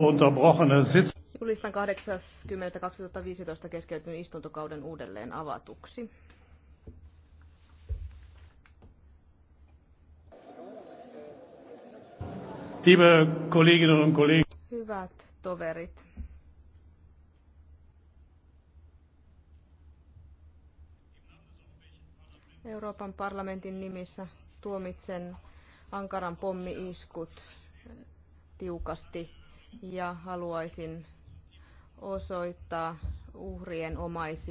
Unterbrochene Sitzung. Julistan 8.10.2015 keskeytynyt istuntokauden uudelleen avatuksi. Liebe Kolleginnen und Kollegen. Hyvät toverit. Euroopan parlamentin nimissä tuomitsen Ankaran pommi-iskut tiukasti ja haluaisin osoittaa uhrien omaisille